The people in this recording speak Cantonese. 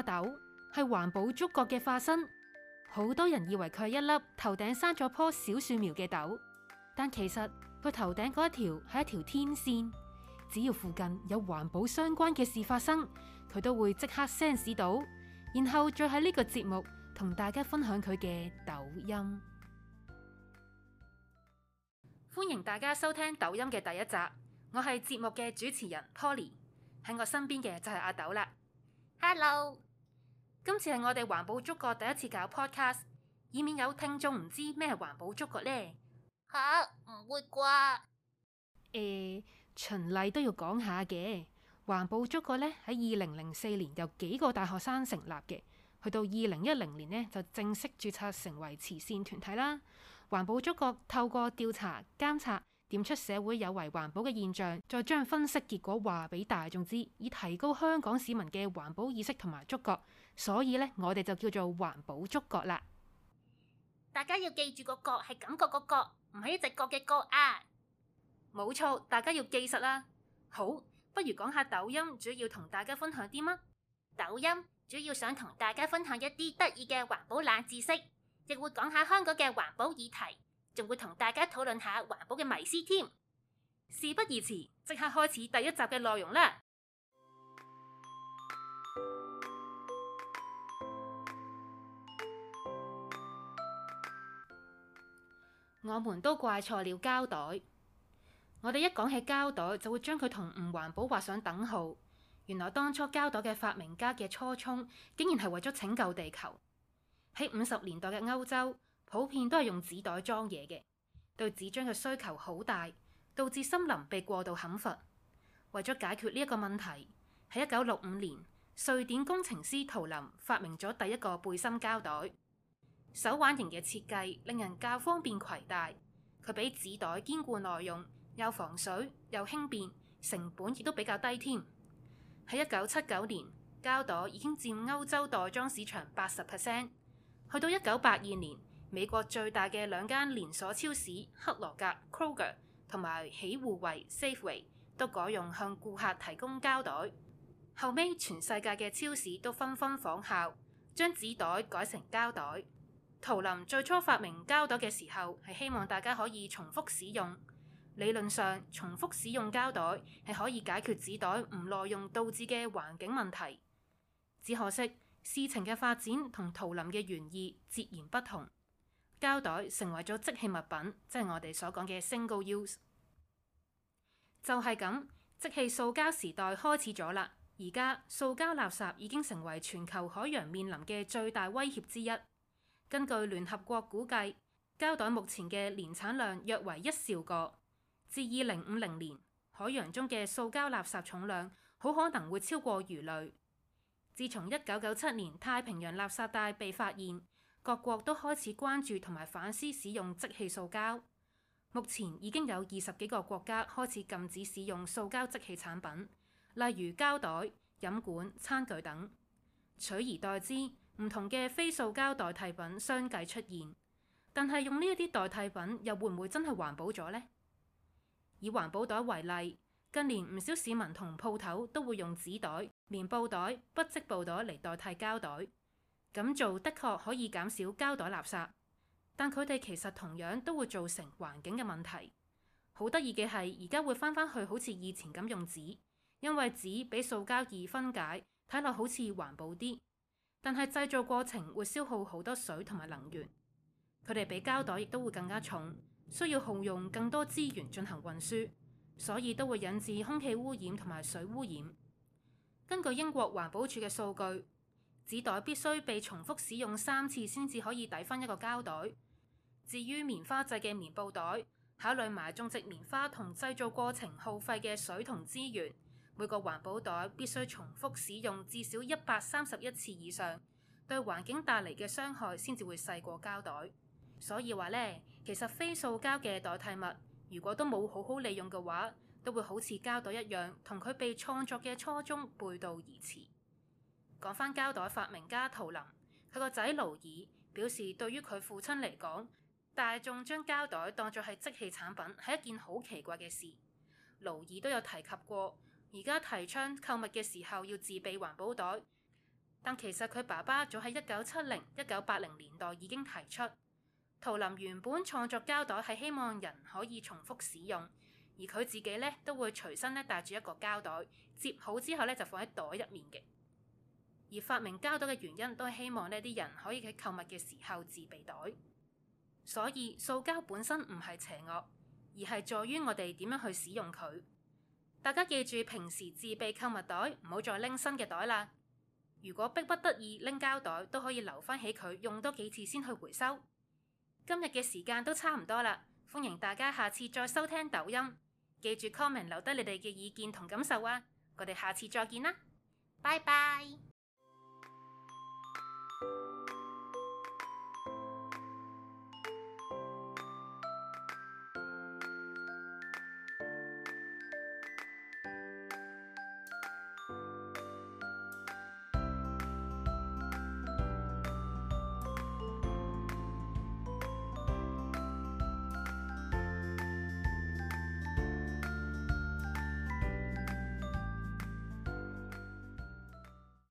阿豆係環保觸角嘅化身，好多人以為佢係一粒頭頂生咗棵小樹苗嘅豆，但其實佢頭頂嗰一條係一條天線。只要附近有環保相關嘅事發生，佢都會即刻 sense 到，然後再喺呢個節目同大家分享佢嘅抖音。歡迎大家收聽抖音嘅第一集，我係節目嘅主持人 Polly，喺我身邊嘅就係阿豆啦。Hello。今次係我哋環保觸角第一次搞 podcast，以免有聽眾唔知咩係環保觸角呢？吓、啊，唔會啩？誒、欸，循例都要講下嘅環保觸角咧喺二零零四年由幾個大學生成立嘅，去到二零一零年呢，就正式註冊成為慈善團體啦。環保觸角透過調查、監察，點出社會有違環保嘅現象，再將分析結果話俾大眾知，以提高香港市民嘅環保意識同埋觸覺。所以呢，我哋就叫做環保觸覺啦。大家要記住個覺係感覺個覺，唔係一隻角嘅角啊！冇錯，大家要記實啦。好，不如講下抖音主要同大家分享啲乜？抖音主要想同大家分享一啲得意嘅環保冷知識，亦會講下香港嘅環保議題，仲會同大家討論下環保嘅迷思添。事不宜遲，即刻開始第一集嘅內容啦！我們都怪錯了膠袋。我哋一講起膠袋，就會將佢同唔環保畫上等號。原來當初膠袋嘅發明家嘅初衷，竟然係為咗拯救地球。喺五十年代嘅歐洲，普遍都係用紙袋裝嘢嘅，對紙張嘅需求好大，導致森林被過度砍伐。為咗解決呢一個問題，喺一九六五年，瑞典工程師圖林發明咗第一個背心膠袋。手挽型嘅設計令人較方便攜帶，佢比紙袋堅固耐用，又防水又輕便，成本亦都比較低添。喺一九七九年，膠袋已經佔歐洲袋裝市場八十 percent。去到一九八二年，美國最大嘅兩間連鎖超市克羅格 （Kroger） 同埋喜互惠 （Safeway） 都改用向顧客提供膠袋。後尾，全世界嘅超市都紛紛仿效，將紙袋改成膠袋。圖林最初發明膠袋嘅時候，係希望大家可以重複使用。理論上，重複使用膠袋係可以解決紙袋唔耐用導致嘅環境問題。只可惜事情嘅發展同圖林嘅原意截然不同，膠袋成為咗即棄物品，即係我哋所講嘅 single use。就係、是、咁，即棄塑膠時代開始咗啦。而家塑膠垃圾已經成為全球海洋面臨嘅最大威脅之一。根據聯合國估計，膠袋目前嘅年產量約為一兆個。至二零五零年，海洋中嘅塑膠垃圾重量好可能會超過魚類。自從一九九七年太平洋垃圾帶被發現，各國都開始關注同埋反思使用即棄塑膠。目前已經有二十幾個國家開始禁止使用塑膠即棄產品，例如膠袋、飲管、餐具等，取而代之。唔同嘅非塑膠代替品相繼出現，但係用呢一啲代替品又會唔會真係環保咗呢？以環保袋為例，近年唔少市民同鋪頭都會用紙袋、棉布袋、不織布袋嚟代替膠袋。咁做的確可以減少膠袋垃圾，但佢哋其實同樣都會造成環境嘅問題。好得意嘅係，而家會翻返去好似以前咁用紙，因為紙比塑膠易分解，睇落好似環保啲。但係製造過程會消耗好多水同埋能源，佢哋比膠袋亦都會更加重，需要耗用更多資源進行運輸，所以都會引致空氣污染同埋水污染。根據英國環保署嘅數據，紙袋必須被重複使用三次先至可以抵返一個膠袋。至於棉花製嘅棉布袋，考慮埋種植棉花同製造過程耗費嘅水同資源。每個環保袋必須重複使用至少一百三十一次以上，對環境帶嚟嘅傷害先至會細過膠袋。所以話呢，其實非塑膠嘅代替物，如果都冇好好利用嘅話，都會好似膠袋一樣，同佢被創作嘅初衷背道而馳。講返膠袋發明家陶林，佢個仔勞爾表示，對於佢父親嚟講，大眾將膠袋當作係即棄產品係一件好奇怪嘅事。勞爾都有提及過。而家提倡購物嘅時候要自備環保袋，但其實佢爸爸早喺一九七零一九八零年代已經提出。圖林原本創作膠袋係希望人可以重複使用，而佢自己呢都會隨身咧帶住一個膠袋，摺好之後呢就放喺袋入面嘅。而發明膠袋嘅原因都係希望呢啲人可以喺購物嘅時候自備袋，所以塑膠本身唔係邪惡，而係在於我哋點樣去使用佢。大家記住，平時自備購物袋，唔好再拎新嘅袋啦。如果迫不得已拎膠袋，都可以留返起佢，用多幾次先去回收。今日嘅時間都差唔多啦，歡迎大家下次再收聽抖音。記住 comment 留低你哋嘅意見同感受啊！我哋下次再見啦，拜拜。